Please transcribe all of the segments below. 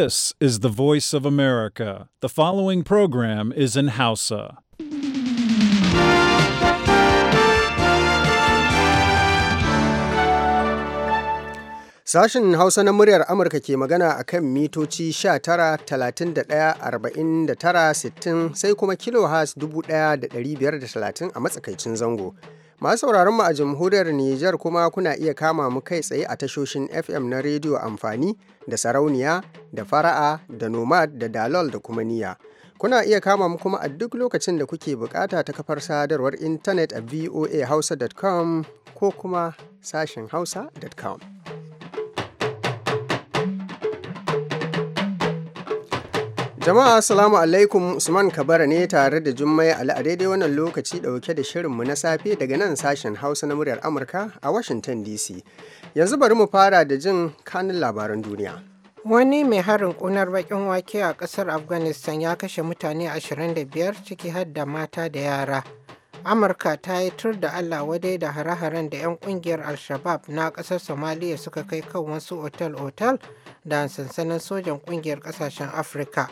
This is the voice of America. The following program is in Hausa. Sashen Hausa na muryar Amurka ke magana a kan mitoci 19,31,49,60 sai kuma kilohas 1,530 a matsakaicin zango. Masu sauraron mu a jamhuriyar Nijar kuma kuna iya kama mu kai tsaye a tashoshin FM na rediyo amfani da sarauniya da fara'a da nomad da dalol da kuma niya. Kuna iya kama mu kuma a duk lokacin da kuke bukata ta kafar sadarwar intanet a voahausa.com ko kuma sashen hausa.com. Jama'a Assalamu alaikum Usman Kabara ne tare da Jummai Ali a daidai wannan lokaci dauke da shirin mu na safe daga nan sashen Hausa na muryar Amurka a Washington DC. Yanzu bari mu fara da jin kanin labaran duniya. Wani mai harin kunar bakin wake a kasar Afghanistan ya kashe mutane 25 ciki har da mata da yara. Amurka ta yi tur da Allah wadai da hare-haren da 'yan kungiyar Al-Shabaab na kasar Somalia suka kai kan wasu otal-otal da sansanin sojan kungiyar kasashen Afirka.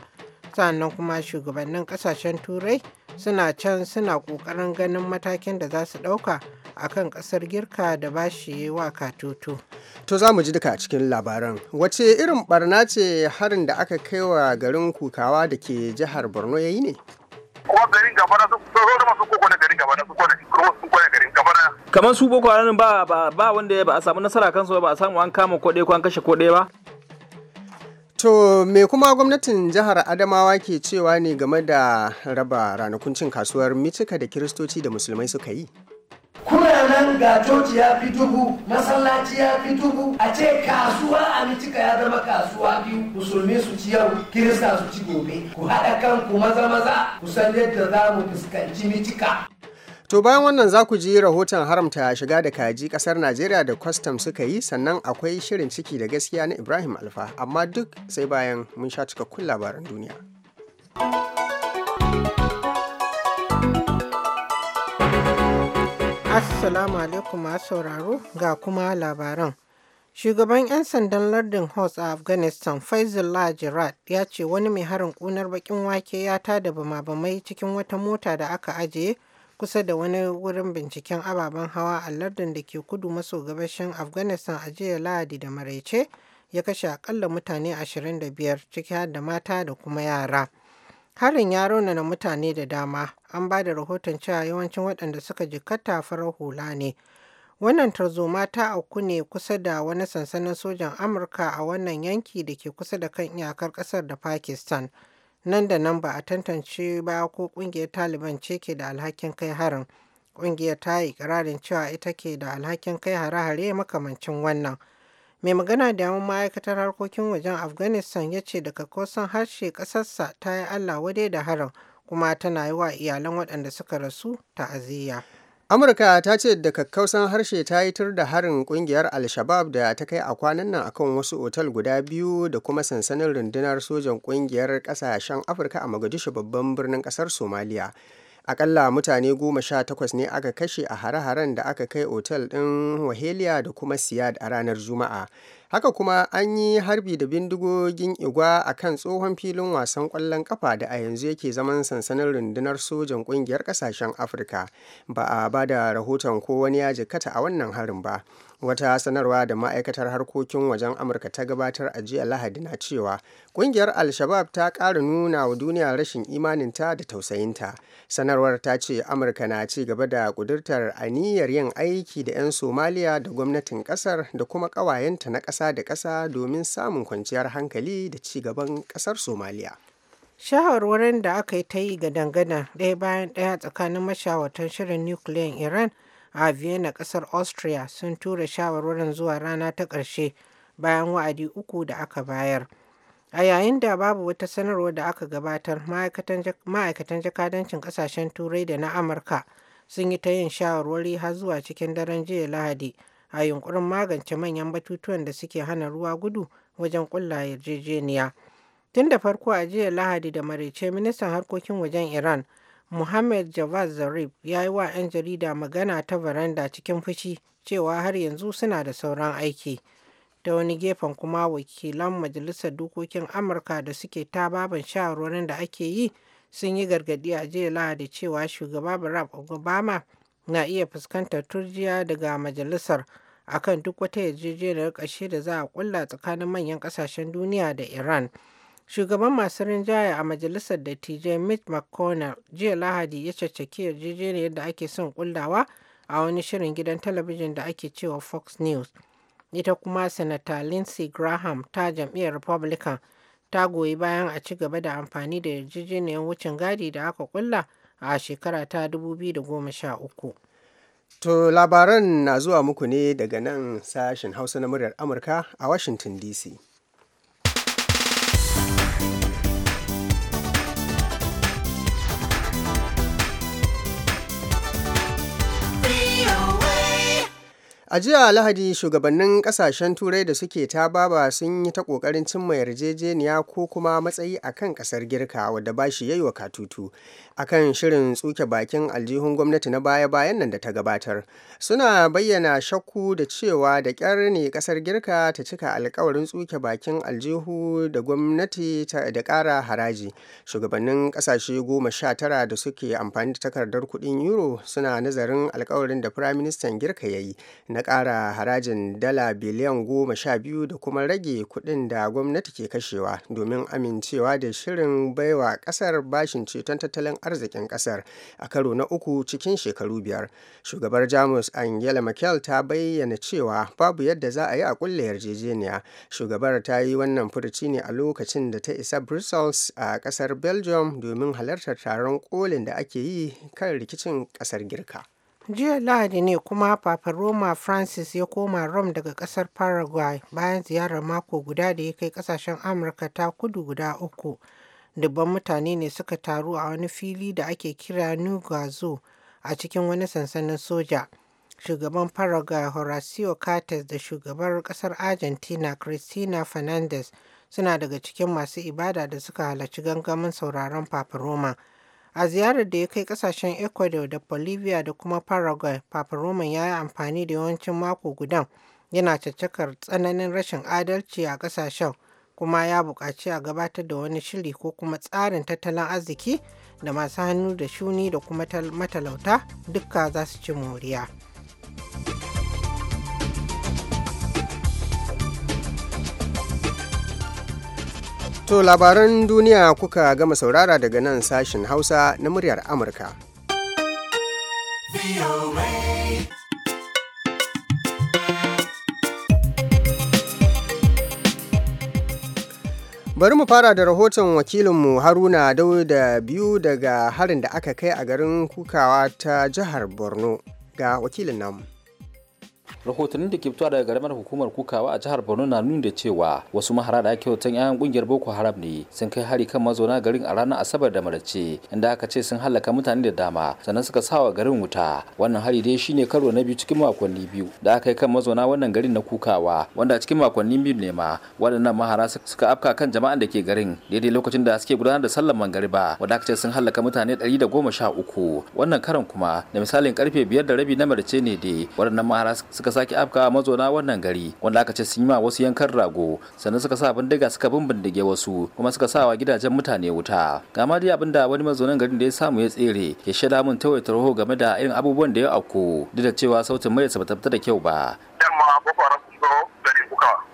sannan kuma shugabannin kasashen turai suna can suna kokarin ganin matakin da za su dauka a kan kasar girka da ba shi wa katoto. to za mu ji duka a cikin labaran wace irin barna ce harin da aka kai wa garin kukawa da ke jihar borno ya yi ne kuma garin gaba na su kone garin gaba na su kone garin gaba kamar su boko haram ba ba wanda ba a samu nasara kansu ba a samu an kama ko ko an kashe ko ba To me kuma gwamnatin jihar Adamawa ke cewa ne game da raba ranakun cin kasuwar micika da kiristoci da musulmai suka yi? Kuranan ga coci ya fi dubu, masallaci ya fi dubu, a ce kasuwa a micika ya zama kasuwa biyu, musulmi su ci yau, kirista su ci gobe. Ku haɗa kanku maza maza, ku san yadda za mu fuskanci micika. To bayan wannan za ku ji rahoton haramta shiga da kaji kasar Najeriya da kwastam suka yi sannan akwai shirin ciki da gaskiya na Ibrahim Alfa amma duk sai bayan mun sha cikakkun labaran duniya. Assalamu alaikum sauraro ga kuma labaran. Shugaban 'yan sandan lardin Hots a Afghanistan Faisal Jirat ya ce wani mai harin kunar bakin wake ya tada bama-bamai cikin wata mota da aka ajiye kusa da wani wurin binciken ababen hawa a lardin da ke kudu maso gabashin afghanistan a jiya lahadi da maraice ya kashe akalla mutane 25 ciki har da mata da kuma yara harin ya raunana mutane da dama an ba da rahoton cewa yawancin waɗanda suka jikata farar hula ne wannan tarzoma ta auku ne kusa da wani sansanin sojan amurka a wannan yanki da ke kusa da kan iyakar ƙasar da pakistan nan da nan ba a tantance ba ko ƙungiyar taliban ce ke da alhakin kai harin ƙungiyar ta yi ƙirarin cewa ita ke da alhakin kai hare-hare makamancin wannan mai magana da yawan ma'aikatar harkokin wajen afghanistan ya ce daga kosan harshe ƙasarsa ta yi allah wadai da harin kuma tana yi wa iyalan waɗanda suka rasu ta'aziyya. amurka ta ce da kakkausan harshe ta yi tur da harin kungiyar alshabab da ta kai a kwanan nan akan wasu otal guda biyu da kuma sansanin rundunar sojan kungiyar kasashen afirka a mogadishu babban birnin kasar somaliya akalla mutane goma sha takwas ne aka kashe a hare-haren da aka kai otal din wahelia da kuma siyad a ranar juma'a Haka kuma an yi harbi da bindigogin igwa a kan tsohon filin wasan ƙwallon ƙafa da a yanzu yake zaman sansanin rundunar sojan ƙungiyar ƙasashen Afirka. Ba a ba da rahoton ko wani ya jikkata a wannan harin ba. wata sanarwa da ma'aikatar harkokin wajen amurka ta gabatar a jiya lahadi na cewa kungiyar al-shabab ta ƙara nuna wa duniya rashin imaninta da tausayinta sanarwar ta ce amurka na ci gaba da kudurtar aniyar yin aiki da 'yan somaliya da gwamnatin kasar da kuma ƙawayenta na ƙasa da ƙasa domin samun kwanciyar hankali da ci gaban ƙasar somaliya shawarwarin da aka yi ta yi ga dangana ɗaya bayan ɗaya tsakanin mashawartan shirin nukiliyan iran a Vienna ƙasar Austria sun tura shawarwarin zuwa rana ta ƙarshe bayan wa'adi uku da aka bayar. A yayin da babu wata sanarwa da aka gabatar, ma'aikatan jakadancin ƙasashen Turai da na Amurka sun yi ta yin shawarwari har zuwa cikin daren jiya Lahadi a yunkurin magance manyan batutuwan da suke hana ruwa gudu wajen ƙulla yarjejeniya. Tun da farko a jiya Lahadi da maraice ministan harkokin wajen Iran Mohammed Javad Zarif ya yi wa 'yan jarida magana ta baranda cikin fushi cewa har yanzu suna da sauran aiki. da wani gefen kuma wakilan Majalisar Dokokin Amurka da suke ta baban shawarwarin da ake yi sun yi gargadi a jiya Lahadi cewa shugaba Barack Obama na iya fuskantar turjiya daga majalisar akan duk wata yarjejeniyar ƙarshe da za a kulla tsakanin manyan ƙasashen duniya da Iran. Shugaban masu rinjaya a Majalisar Dattijai Mitch McConnell jiya Lahadi ya caccaki yarjejeniyar da ake son kullawa a wani shirin gidan talabijin da ake cewa Fox News. Ita kuma Sanata Lindsey Graham ta jam'iyyar Republican ta goyi bayan a ci gaba da amfani da yarjejeniyar wucin gadi da aka kulla a shekara ta 2013. To labaran na zuwa muku ne daga nan sashen Hausa na muryar Amurka a Washington DC. A jiya Lahadi shugabannin kasashen Turai da suke ta baba sun yi ta ƙoƙarin cimma yarjejeniya ko kuma matsayi a kan ƙasar Girka wadda ba shi yayi wa katutu a kan shirin tsuke bakin aljihun gwamnati na baya-bayan nan da ta gabatar. Suna bayyana shakku da cewa da kyar ne ƙasar Girka ta cika alkawarin tsuke bakin aljihu da gwamnati da ƙara haraji. Shugabannin ƙasashe goma sha tara da suke amfani da takardar kuɗin euro suna nazarin alkawarin da Firaministan Girka ya yi. na ƙara harajin dala biliyan goma sha biyu da kuma rage kuɗin da gwamnati ke kashewa domin amincewa da shirin baiwa ƙasar bashin ceton tattalin arzikin ƙasar a karo na uku cikin shekaru biyar shugabar jamus angela merkel ta bayyana cewa babu yadda za a yi a ƙulla yarjejeniya shugabar ta yi wannan furuci ne a lokacin da ta isa brussels a ƙasar belgium domin halartar taron kolin da ake yi kan rikicin ƙasar girka Jiya Lahadi ne kuma Papa Roma Francis ya koma Rome daga kasar Paraguay bayan ziyarar mako guda da ya kai kasashen Amurka ta kudu guda uku. Dubban mutane ne suka taru a wani fili da ake kira New a cikin wani sansanin soja. Shugaban Paraguay Horacio Cartes da shugabar kasar Argentina Cristina Fernandez suna daga cikin masu ibada da suka halarci gangamin sauraron Papa Roma. A ziyarar da ya kai kasashen Ecuador da Bolivia da kuma Paraguay, Papa Roman ya yi amfani da yawancin mako gudan yana caccakar tsananin rashin adalci a kasashen kuma ya buƙaci a gabatar da wani shiri ko kuma tsarin tattalin arziki da masu hannu da shuni da kuma matalauta dukka za su ci moriya. To labaran duniya kuka gama saurara daga nan sashen Hausa na muryar Amurka. Bari mu fara da rahoton wakilinmu Haruna Dauda biyu daga harin da aka kai a garin Kukawa ta jihar Borno ga wakilin namu. rahotannin da ke fitowa daga garamar hukumar kukawa a jihar borno na nuna da cewa wasu mahara da ake hoton 'ya'yan kungiyar boko haram ne sun kai hari kan mazauna garin a ranar asabar da marace inda aka ce sun halaka mutane da dama sannan suka sawa garin wuta wannan hari dai shine karo na biyu cikin makonni biyu da aka yi kan mazauna wannan garin na kukawa wanda a cikin makonni biyu ne ma waɗannan mahara suka afka kan jama'an da ke garin daidai lokacin da suke gudanar da sallar mangariba wanda aka ce sun halaka mutane uku wannan karan kuma da misalin karfe biyar da rabi na marace ne dai waɗannan mahara suka sake afka mazauna wannan gari wanda aka ce sun yi ma wasu yankan rago sannan suka sa bindiga suka bindige wasu kuma suka sa wa gidajen mutane wuta ga ma dai abin da wani mazaunan garin da ya samu ya tsere ya shaida mun tawai tarho game da irin abubuwan da ya auku duk da cewa sautin mai sabata da kyau ba.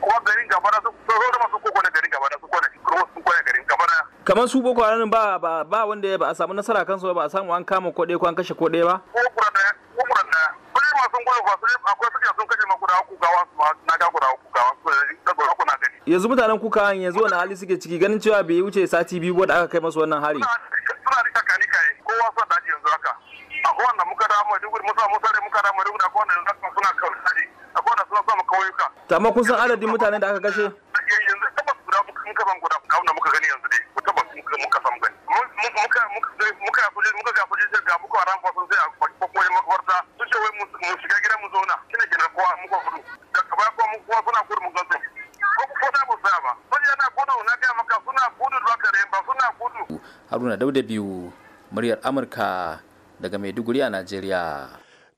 kuma garin gaba masu koko na garin gaba kuma sun garin gaba kamar su boko haram ba ba ba wanda ba a samu nasara kansu ba a samu an kama kode ko an kashe kode ba ko kura da ko kura da masu gudu ba su akwai sun kashe makuda su na ga su eh, da gura na gani yanzu mutanen kuka yanzu wani hali suke ciki ganin cewa bai wuce sati biyu ba aka kai masu wannan hari suna kai a gona suna zuwa makauyuka. to amma kun san adadin mutanen da aka kashe. yanzu tabbas guda muka samu guda abinda muka gani yanzu dai tabbas muka samu gani. muka muka kuje muka ga kuje ga muka ran fa sosai a kokon makabarta sun ce wai mu shiga gidan mu zauna kina gidan kowa muka gudu da kaba kuma mu kuma suna gudu mu gansu ko kuma da mu tsaya ba sai yana gudu na ga maka suna gudu ba kare ba suna gudu Haruna Dauda biyu muryar Amurka daga Maiduguri a Najeriya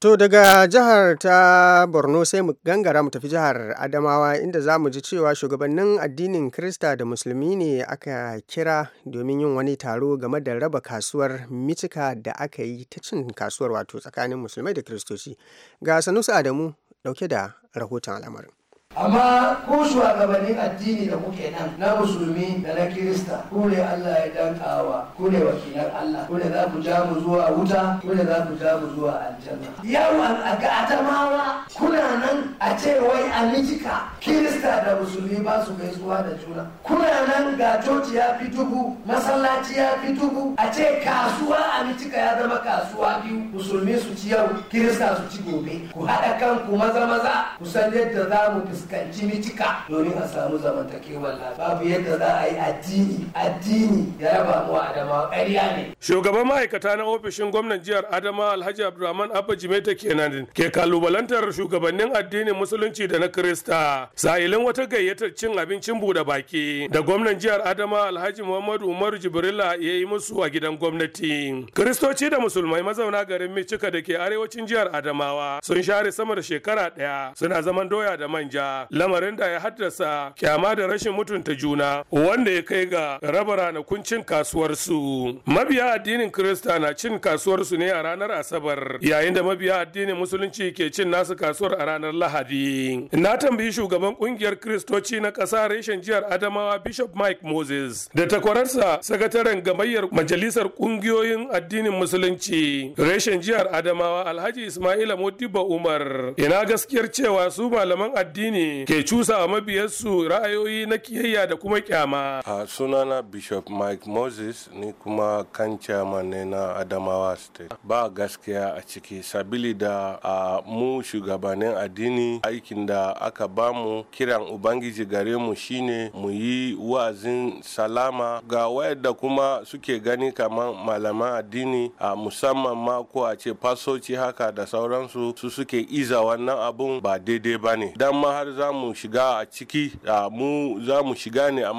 To daga jihar ta Borno sai mu gangara mu tafi jihar Adamawa inda za mu ji cewa shugabannin addinin krista da Musulmi ne aka kira domin yin wani taro game da raba kasuwar micika da aka yi ta cin kasuwar wato tsakanin Musulmai da Kiristoci. Ga sanusu Adamu dauke da rahoton al'amarin. amma ko shugabannin addini da kuke nan na musulmi da na kirista ku ne Allah ya dankawa ku ne wakilan Allah ku ne za ku ja mu zuwa wuta ku ne za ku ja mu zuwa aljanna yau a ga kuna nan a ce wai a mijika kirista da musulmi ba su gaisuwa da juna kuna nan ga coci ya fi dubu masallaci ya fi dubu a ce kasuwa a mijika ya zama kasuwa biyu musulmi su ci yau kirista su ci gobe ku haɗa kanku maza maza ku san yadda za mu fuskanta fuskanci mitika domin a samu zamantakewar lafiya babu yadda za a yi addini addini ya raba mu adama ƙarya ne shugaban ma'aikata na ofishin gwamnan jihar adama alhaji abdulrahman abba jimeta kenan ke kalubalantar shugabannin addinin musulunci da na kirista sa'ilin wata gayyatar cin abincin buɗe baki da gwamnan jihar adama alhaji muhammadu umar jibrila ya yi musu a gidan gwamnati kiristoci da musulmai mazauna garin micika da ke arewacin jihar adamawa sun share sama da shekara ɗaya suna zaman doya da manja lamarin da ya haddasa kyama da rashin mutunta juna wanda ya kai ga raba ranakun cin kasuwarsu mabiya addinin kirista na cin kasuwarsu ne a ranar asabar yayin da mabiya addinin musulunci ke cin nasu kasuwar a ranar lahadi na tambayi shugaban kungiyar kiristoci na ƙasa reshen jihar adamawa bishop mike moses da takwararsa sakataren gamayyar majalisar kungiyoyin addinin musulunci reshen jihar adamawa alhaji ismaila mudiba umar ina gaskiyar cewa su malaman addini ne ke cusa wa mabiyarsu ra'ayoyi na kiyayya da kuma kyama. A sunana Bishop Mike Moses ni kuma kan chairman ne na Adamawa State. Ba gaskiya a ciki sabili da a mu shugabannin addini aikin da aka bamu kiran Ubangiji gare mu shine mu yi wa'azin salama ga wayanda kuma suke gani kamar malaman addini a musamman ma ko a ce fasoci haka da sauransu su suke iza wannan abun ba daidai ba ne. Dan ma har za mu shiga a ciki mu za mu shiga ne a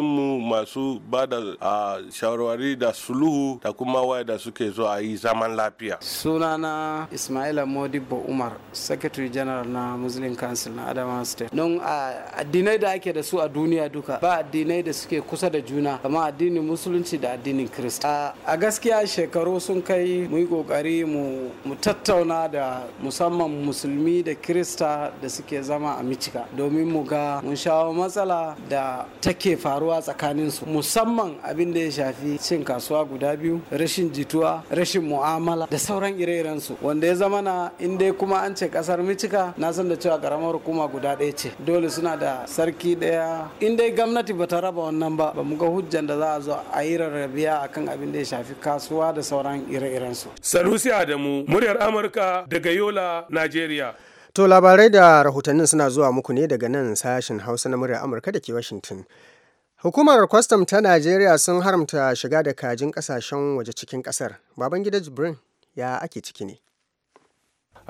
mu masu ba da shawarwari da suluhu da kuma waya da suke zo a yi zaman lafiya sunana ismaila modibo umar secretary general na muslim council na adama state don addinai da ake da su a duniya duka ba addinai da suke kusa da juna kamar addinin musulunci da addinin kirista a gaskiya shekaru sun kai mu yi kokari mu tattauna da musamman musulmi da kirista da suke zama a cika domin mu ga mun shawo matsala da take faruwa tsakanin su musamman abin da ya shafi cin kasuwa guda biyu rashin jituwa rashin mu'amala da sauran ire-iren su wanda ya zama na in dai kuma an ce kasar micika na san da cewa karamar hukuma guda ɗaya ce dole suna da sarki ɗaya in dai gwamnati bata raba wannan ba ba mu ga hujjan da za a zo a yi rarrabiya akan abin da ya shafi kasuwa da sauran ire-iren su sanusi adamu muryar amurka daga yola nigeria To labarai da rahotannin suna zuwa muku ne daga nan sashen Hausa na murya Amurka da ke Washington. Hukumar kwastam ta Najeriya sun haramta shiga da kajin kasashen waje cikin kasar. Babangida Jibrin ya ake ciki ne.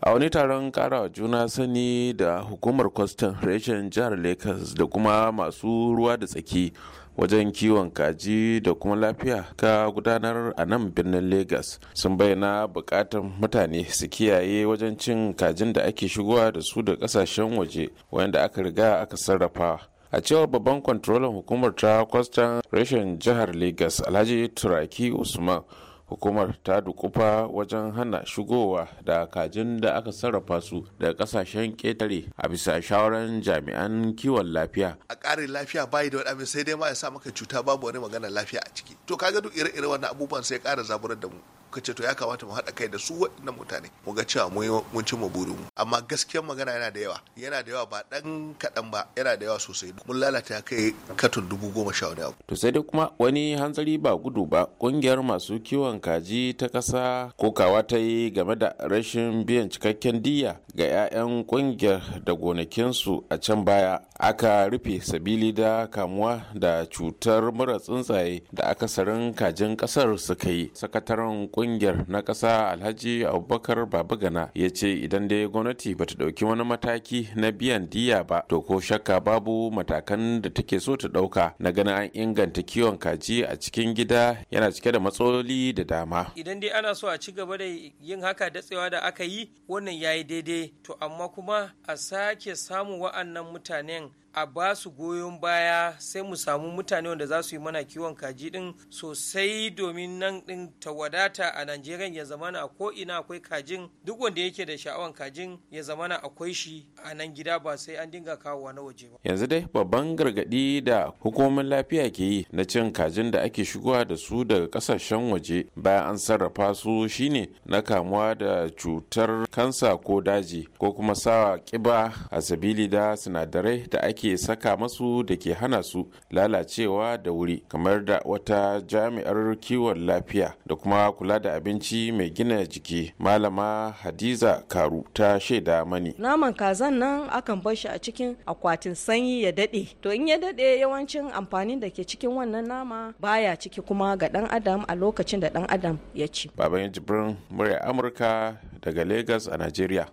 a wani taron karawa juna sani da hukumar kwastan reshen jihar lagos da kuma masu ruwa da tsaki wajen kiwon kaji da kuma lafiya ka gudanar a nan birnin lagos sun bayyana bukatar mutane su kiyaye wajen cin kajin da ake shigowa da su da kasashen waje wanda aka riga aka sarrafa a cewar babban kwantrolan hukumar ta kwastan rashin jihar lagos alhaji turaki usman hukumar ta dukufa wajen hana shigowa da kajin da aka sarrafa su da kasashen ketare a bisa shawaran jami'an kiwon lafiya a ƙarin lafiya bayi da wani sai dai ma ya sa maka cuta babu wani magana lafiya a ciki to kaga duk ire-ire wannan abubuwan sai ƙara zaburar da mu kuka ce to ya kamata mu haɗa kai da su waɗannan mutane mu ga cewa mun ci mu burin mu amma gaskiyar magana yana da yawa yana da yawa ba ɗan kaɗan ba yana da yawa sosai mun lalata ya kai katon dubu goma sha wani abu. to sai dai kuma wani hanzari ba gudu ba ƙungiyar masu kiwon kaji ta ƙasa kokawa ta yi game da rashin biyan cikakken diya ga 'ya'yan ƙungiyar da gonakinsu a can baya aka rufe sabili da kamuwa da cutar mura tsuntsaye da akasarin kajin ƙasar suka yi sakataren kungiyar na ƙasa alhaji abubakar babagana ya ce idan dai gwamnati ba ta ɗauki wani mataki na biyan diya ba to ko shakka babu matakan da take so ta ɗauka na ganin an inganta kiwon kaji a cikin gida yana cike da matsaloli da dama idan dai ana so a ci gaba da yin haka datsewa da aka yi wannan ya yi daidai to amma kuma a sake samun wa'annan mutanen a ba su goyon baya sai mu samu mutane wanda za su yi mana kiwon kaji din sosai domin nan din ta wadata a Najeriya ya zamana a ko ina akwai kajin duk wanda yake da sha'awar kajin ya zamana akwai shi a nan gida ba sai an dinga kawowa na waje ba. Yanzu dai babban gargadi da hukumomin lafiya ke yi na cin kajin da ake shigowa da su daga kasashen waje bayan an sarrafa su shine na kamuwa da cutar kansa ko daji ko kuma sawa kiba a sabili da sinadarai da ake ke saka masu da ke hana su lalacewa da wuri kamar da wata jami'ar kiwon lafiya da kuma kula da abinci mai gina jiki malama hadiza karu ta shaida mani naman kazan nan akan bar shi a cikin akwatin sanyi ya dade, to in ya dade yawancin amfanin da ke cikin wannan nama baya ciki kuma ga ɗan adam a lokacin da ɗan adam ya ci baban jibrin murya amurka daga lagos a najeriya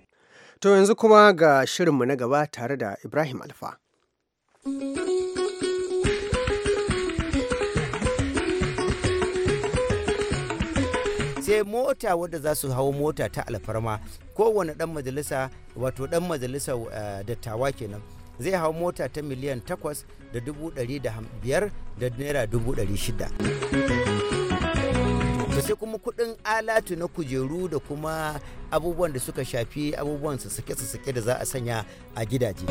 to yanzu kuma ga shirinmu na gaba tare da ibrahim alfa sai mota wadda za su hawo mota ta alfarma kowane dan majalisa wato dan majalisa eh, dattawa kenan zai hau mota ta miliyan takwas da biyar da naira dubu ɗari sai kuma kudin alatu na kujeru da kuma abubuwan da suka shafi abubuwan su suke da za a sanya a gidaje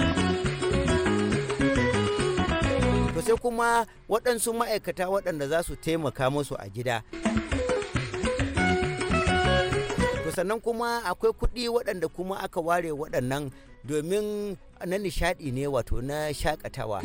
to sai kuma waɗansu ma'aikata waɗanda za su taimaka musu a gida to sannan kuma akwai kuɗi waɗanda kuma aka ware waɗannan domin na nishaɗi ne wato na shakatawa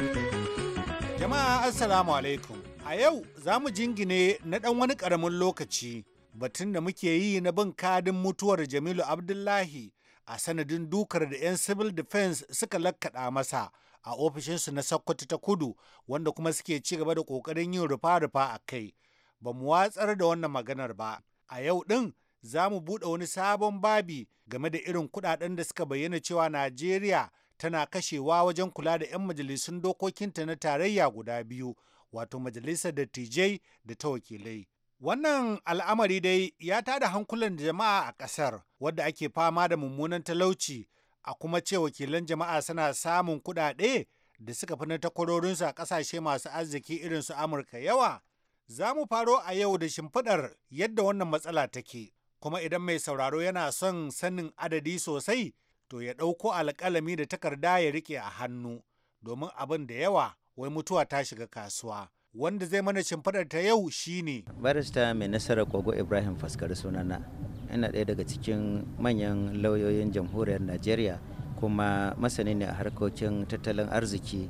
jama'a assalamu alaikum a yau za mu jingine na ɗan wani ƙaramin lokaci batun da muke yi na bin kadin mutuwar jamilu abdullahi a sanadin dukar da 'yan civil defense suka lakkaɗa masa a ofishinsu na Sokoto ta kudu wanda kuma suke ci gaba da ƙoƙarin yin rufa-rufa a kai. Ba mu watsar da wannan maganar ba. A yau ɗin za mu buɗe wani sabon babi game da irin kuɗaɗen da suka bayyana cewa Najeriya tana kashewa wajen kula da 'yan majalisun dokokinta na tarayya guda biyu, wato majalisar dattijai da ta wakilai. Wannan al'amari dai ya tada hankulan jama'a a ƙasar, wadda ake fama da mummunan talauci a kuma ce wakilan jama'a suna samun kuɗaɗe da suka fi na takwarorinsu a ƙasashe masu arziki irin su Amurka yawa. Za mu faro a yau da shimfiɗar yadda wannan matsala take, kuma idan mai sauraro yana son sanin adadi sosai, to ya ɗauko alƙalami da takarda ya rike a hannu, domin abin da yawa wai mutuwa ta shiga kasuwa. Wanda zai mana shimfiɗar ta yau shine. Barista mai nasarar Kogo Ibrahim Faskari sunana. yana ɗaya daga cikin manyan lauyoyin jamhuriyar najeriya kuma masani ne a harkokin tattalin arziki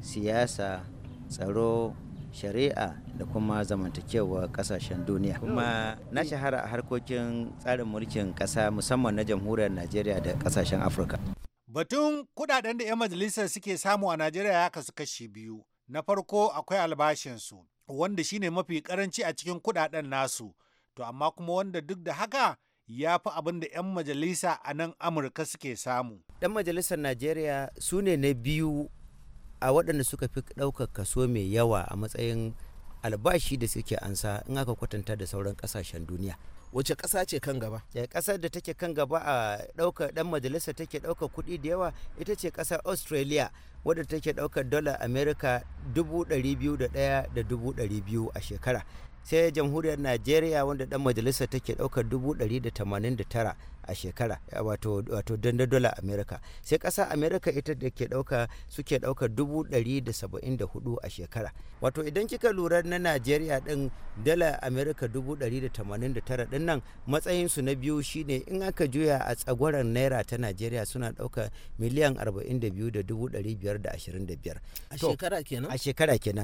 siyasa tsaro shari'a da kuma zamantakewa kasashen duniya kuma na shahara a harkokin tsarin mulkin ƙasa musamman na jamhuriyar najeriya da kasashen afirka batun kudaden da 'yan majalisar suke samu a najeriya ya kasu kashi biyu na farko akwai albashin su wanda shine mafi karanci a cikin kudaden nasu to amma kuma wanda duk da haka ya fi abin da 'yan majalisa a nan amurka suke samu. 'yan majalisar najeriya su ne na biyu a waɗanda suka fi ɗaukar kaso mai yawa a matsayin albashi da suke ansa in aka kwatanta da sauran ƙasashen duniya wace ƙasa ce kan gaba eh, ƙasar da take kan gaba a ɗaukar ɗan majalisa take ɗaukar kuɗi da yawa ita ce ƙasar australia wadda take ɗaukar dala america da biyu a shekara sai jamhuriyar najeriya wanda dan majalisa take daukar 189 a shekara wato wato dola america sai kasa america ita da ke dauka suke daukar 174 a shekara wato idan kika lura na najeriya din dala america 189 din nan matsayin su na biyu shine in aka juya a tsagwaran naira ta najeriya suna dauka miliyan 42,525 a shekara kenan a shekara kenan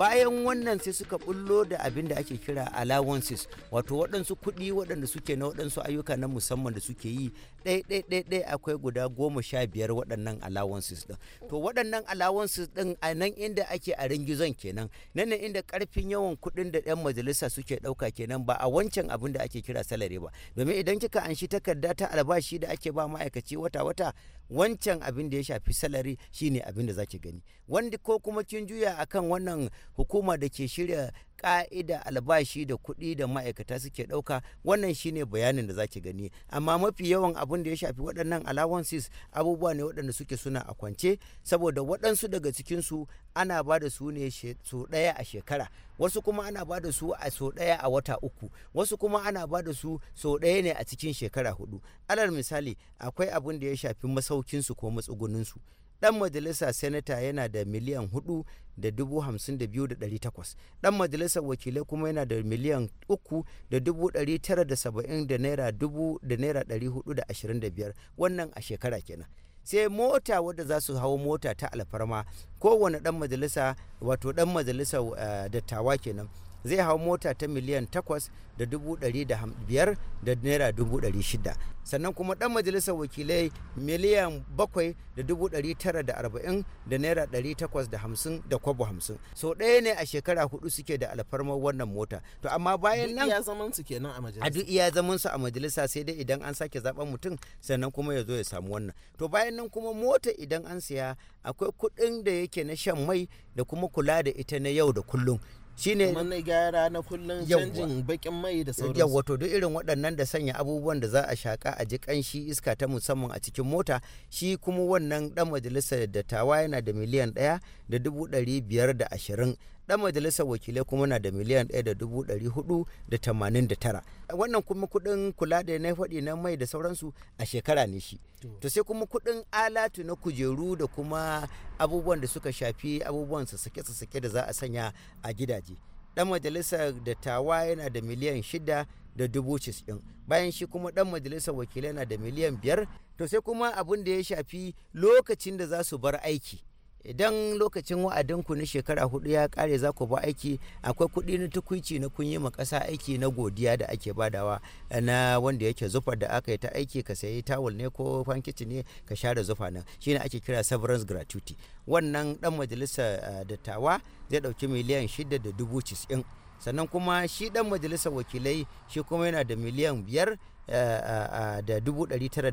bayan wannan sai suka bullo da abin da ake kira allowances wato waɗansu kuɗi waɗanda suke na waɗansu ayyuka na musamman da suke yi ɗai akwai guda goma sha biyar waɗannan allowances ɗin to waɗannan allowances ɗin a nan inda ake a ringizon kenan nan inda karfin yawan kuɗin da 'yan majalisa suke ɗauka kenan ba a wancan abin da ake kira salary ba domin idan kika an shi takarda ta albashi da ake ba ma'aikaci wata-wata wancan abin da ya shafi salari shine abin da zaki gani wanda ko kuma kin juya akan wannan hukuma da ke shirya ka'ida albashi da kuɗi da ma'aikata suke ɗauka wannan shine bayanin da zaki gani amma mafi yawan abun da ya shafi waɗannan allowances abubuwa ne waɗanda suke suna a kwance saboda waɗansu daga cikinsu ana ba da su ne so ɗaya a shekara wasu kuma ana ba da su a so ɗaya a wata uku wasu kuma ana ba da su so ɗaya ne a cikin shekara hudu alal misali akwai abin da ya shafi masaukinsu ko matsuguninsu dan majalisa senata yana da miliyan hudu da dan majalisar wakilai kuma yana da miliyan uku da biyar wannan a shekara kenan sai mota wadda za su hawo mota ta alfarma kowane dan majalisa wato dan majalisar eh, dattawa kenan zai hau mota ta miliyan takwas da dubu ɗari da biyar da naira dubu ɗari shida sannan kuma ɗan majalisar wakilai miliyan bakwai da dubu ɗari tara da arba'in da naira ɗari takwas da hamsin da kwabo hamsin so ɗaya ne a shekara hudu suke da alfarmar wannan mota to amma bayan nan iya zaman su kenan a majalisa a duk iya zaman su a majalisa sai dai idan an sake zaben mutum sannan kuma ya zo ya samu wannan to bayan nan kuma mota idan an siya akwai kuɗin da yake na shan mai da kuma kula da ita na yau da kullum shine ne gyara na kullum canjin bakin mai da sauransu yawa to duk irin waɗannan da sanya abubuwan da za a shaka a ji kanshi iska ta musamman a cikin mota shi kuma wannan dan majalisar dattawa yana da miliyan ɗaya da dubu ɗari biyar da ashirin dan majalisar wakilai kuma na da miliyan tara. wannan kuma kudin kula da na faɗi na mai da sauransu a shekara ne shi to sai kuma kudin alatu na kujeru da kuma abubuwan da suka shafi abubuwan sassake-sassake da za a sanya a gidaje dan majalisar dattawa yana da miliyan shida da dubu cisin bayan shi kuma dan majalisar wakilai na da miliyan biyar to sai kuma abin da ya shafi lokacin da za su bar aiki idan lokacin wa'adinku na shekara hudu ya kare za ku ba aiki akwai kuɗi na tukwici na kun yi ma kasa aiki na godiya da ake badawa eh, na wanda yake zufar da aka yi ta aiki ka sayi tawul ne ko fankici ne ka share zufa nan ne ake kira severance gratuity wannan dan majalisa eh, dattawa zai ɗauki miliyan shida da dubu sannan kuma shi dan majalisar wakilai shi kuma yana da miliyan biyar eh, eh, eh, da dubu ɗari tara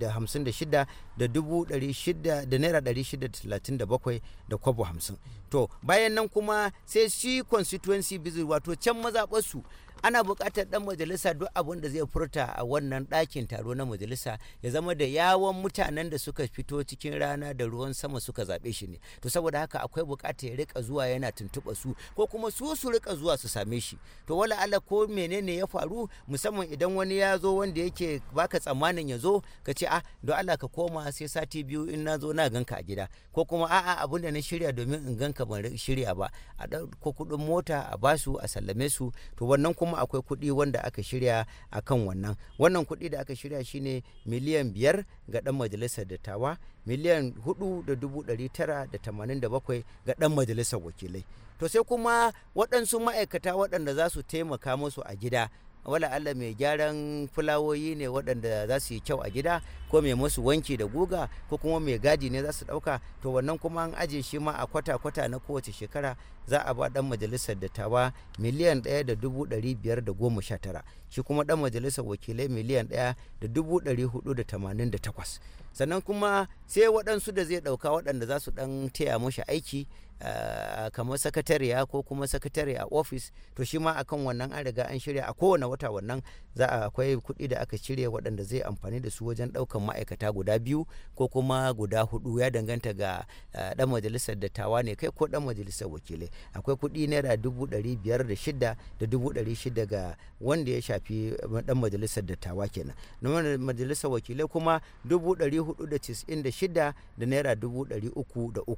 da hamsin da shida da dubu ɗari shida da naira ɗari shida talatin da bakwai da kwabo hamsin to bayan nan kuma sai shi constituency visit wato can mazaɓarsu ana buƙatar ɗan majalisa duk abin da zai furta a wannan ɗakin taro na majalisa ya zama da yawon mutanen da suka fito cikin rana da ruwan sama suka zaɓe shi ne to saboda haka akwai buƙatar ya rika zuwa yana tuntuɓa su ko kuma su su rika zuwa su same shi to wala ala ko menene ya faru musamman idan wani ya zo wanda yake baka tsammanin ya zo ka ce ah don Allah ka koma sai sati biyu in na zo na ganka a gida ko kuma a'a abin da na shirya domin in ganka ban shirya ba a dauko kuɗin mota a basu a sallame su to wannan kuma kuma akwai kuɗi wanda aka shirya a kan wannan wannan kuɗi da aka shirya shine miliyan biyar ga ɗan majalisar dattawa miliyan hudu da dubu ɗari tara da tamanin da bakwai ga ɗan majalisar wakilai to sai kuma waɗansu ma'aikata waɗanda za su taimaka musu a gida wala Allah mai gyaran fulawoyi ne waɗanda za su yi kyau a gida ko mai musu wanki da guga ko kuma mai gadi ne za su ɗauka to wannan kuma an aje shi ma a kwata-kwata na kowace shekara za a ba ɗan majalisar dattawa miliyan ɗaya da dubu ɗari biyar da goma sha tara shi kuma ɗan majalisar wakilai miliyan ɗaya da dubu ɗari hudu da tamanin da takwas sannan kuma sai waɗansu da zai ɗauka waɗanda za su ɗan taya mashi aiki eh, kamar sakatariya ko kuma sakatariya a ofis to shi ma akan wannan an riga an shirya a kowane wata wannan za a akwai kuɗi da aka shirya waɗanda zai amfani da su wajen ɗaukan ma'aikata guda biyu ko kuma guda hudu ya danganta ga eh, ɗan majalisar dattawa ne kai ko ɗan majalisar wakilai akwai kuɗi naira dubu ɗari biyar da shida da dubu ɗari shida ga wanda ya shafi ɗan majalisar dattawa kenan na majalisar wakilai kuma dubu ɗari 496 da naira 303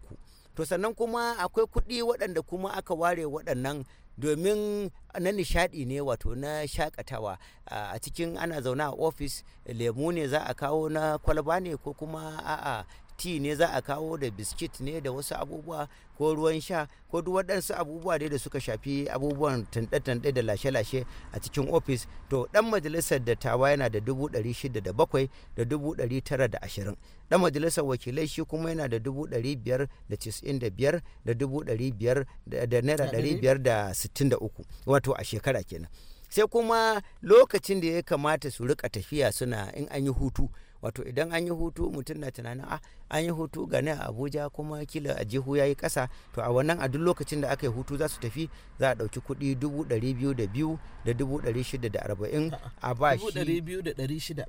to sannan kuma akwai kuɗi waɗanda kuma aka ware waɗannan domin na nishaɗi ne wato na shakatawa a cikin ana zaune a ofis lemu ne za a kawo na kwalba ne ko kuma a'a ti ne za a kawo da biskit ne da wasu abubuwa ko ruwan sha ko duk waɗansu abubuwa dai da suka shafi abubuwan tanɗe-tanɗe da lashe-lashe a cikin ofis to ɗan majalisar da tawa yana da dubu ɗari shida da bakwai da dubu ɗari tara da ashirin ɗan majalisar wakilai shi kuma yana da dubu ɗari biyar da cisin da biyar da dubu ɗari biyar da naira ɗari biyar da sittin da uku wato a shekara kenan sai kuma lokacin da ya kamata su rika tafiya suna in an yi hutu wato idan an yi hutu mutum na tunanin a ah, an yi hutu ga a abuja kuma kila a jihu ya yi kasa to a wannan a duk lokacin da aka yi hutu za su tafi za a ɗauki kuɗi dubu ɗari biyu da biyu da dubu ɗari shida da arba'in a ba shi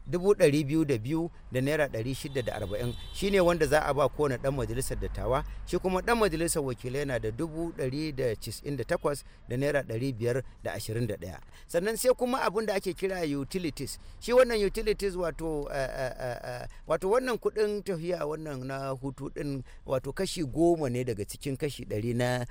dubu ɗari biyu da biyu da naira ɗari shida da arba'in shi ne wanda za a ba kowane ɗan majalisar dattawa shi kuma ɗan majalisar wakilai na da dubu ɗari da cisin da takwas da naira ɗari biyar da ashirin da ɗaya sannan sai kuma abin da ake kira utilities shi wannan utilities wato uh, uh, wato wannan kudin tafiya wannan na hutu din wato kashi goma ne daga cikin kashi ɗari na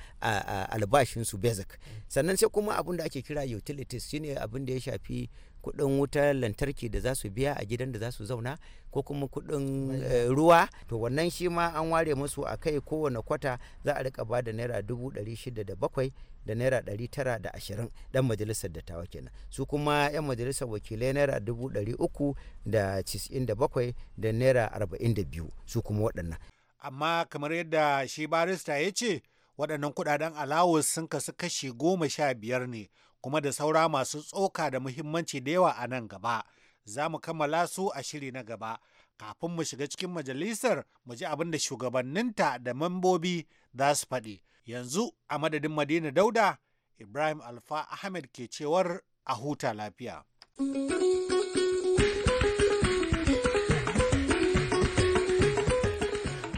albashin su basic mm. sannan sai kuma abin da ake kira utilities shine abin da ya shafi kuɗin wutar lantarki da za su biya a gidan da za su zauna ko kuma kuɗin eh, ruwa to wannan shi ma an ware musu a kai kowane kwata za a rika bada naira dubu ɗari shida da bakwai da naira ɗari tara da ashirin ɗan majalisar dattawa kenan su kuma 'yan majalisar wakilai naira dubu ɗari uku da cisin da bakwai da naira arba'in da biyu su kuma waɗannan. amma kamar yadda shi barista ya ce waɗannan kuɗaɗen alawus sun kasu kashi goma sha biyar ne kuma da saura masu tsoka da muhimmanci da yawa a nan gaba. Za mu kammala su a shiri na gaba. Kafin mu shiga cikin majalisar, mu ji abin da shugabanninta da mambobi za su faɗi. Yanzu a madadin Madina Dauda, Ibrahim Alfa Ahmed ke cewar a huta lafiya.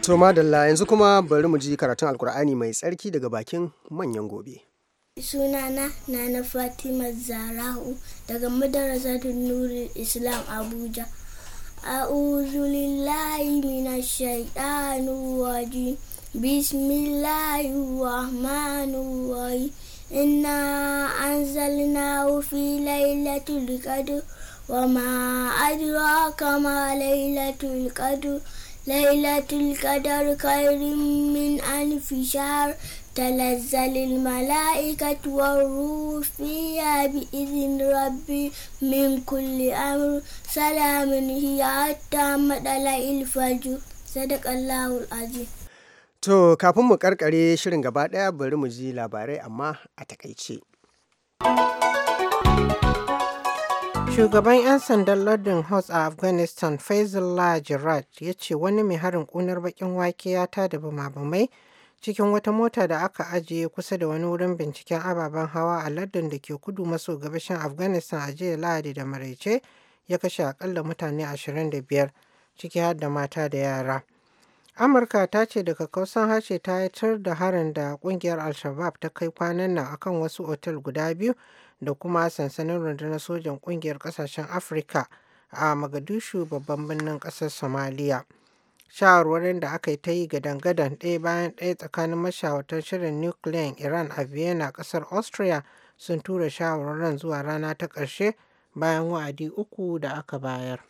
To madalla yanzu kuma bari mu ji karatun Alkur'ani mai tsarki daga bakin manyan gobe. sunana nana fatima zarahu daga madarasatun nurul islam abuja a a'uzulillahi minash shaitanir rajim bismillahir wai ina inna zalina fi lailatul qadr wa ma adraka ma lailatul qadr ليلة القدر خير من ألف شهر تنزل الملائكة والروح فيها بإذن ربي من كل أمر سلام هي حتى مطلع الفجر صدق الله العظيم To kafin mu karkare shirin gaba ɗaya bari mu ji labarai amma a takaice. Shugaban 'yan sandan lardin House a Afghanistan Faizullah Jarrad ya ce wani mai harin kunar bakin wake ya tada bumabumai cikin wata mota da aka ajiye kusa da wani wurin binciken ababen hawa a lardin da ke kudu maso gabashin Afghanistan a jiya Lahadi da maraice ya kashe akalla mutane 25 ciki har da mata da yara. Amurka ta ce daga kausan harshe ta yi yatar da harin da kungiyar Al-Shabaab ta kai kwanan nan akan wasu otal guda biyu da kuma sansanin rundunar sojan ƙungiyar ƙasashen afirka a magadishu babban birnin ƙasar somaliya shawarwarin da aka yi ta yi gadan-gadan ɗaya bayan ɗaya tsakanin mashawartan shirin nukiliyan iran a vienna ƙasar austria sun tura shawarwarin zuwa rana ta ƙarshe bayan wa'adi uku da aka bayar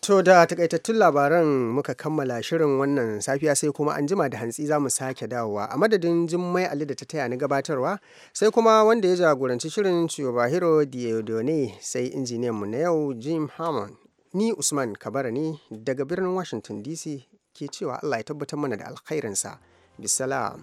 To da takaitattun labaran muka kammala shirin wannan safiya sai kuma an jima da hantsi za mu sake dawowa a madadin jimmai Ali da ta taya na gabatarwa sai kuma wanda ya jagoranci shirin Chiyobahiro Diodone sai injiniyanmu na yau Jim Hammond ni Usman Kabara ne daga birnin Washington DC ke cewa Allah ya tabbatar mana da alkhairinsa. Bisalam.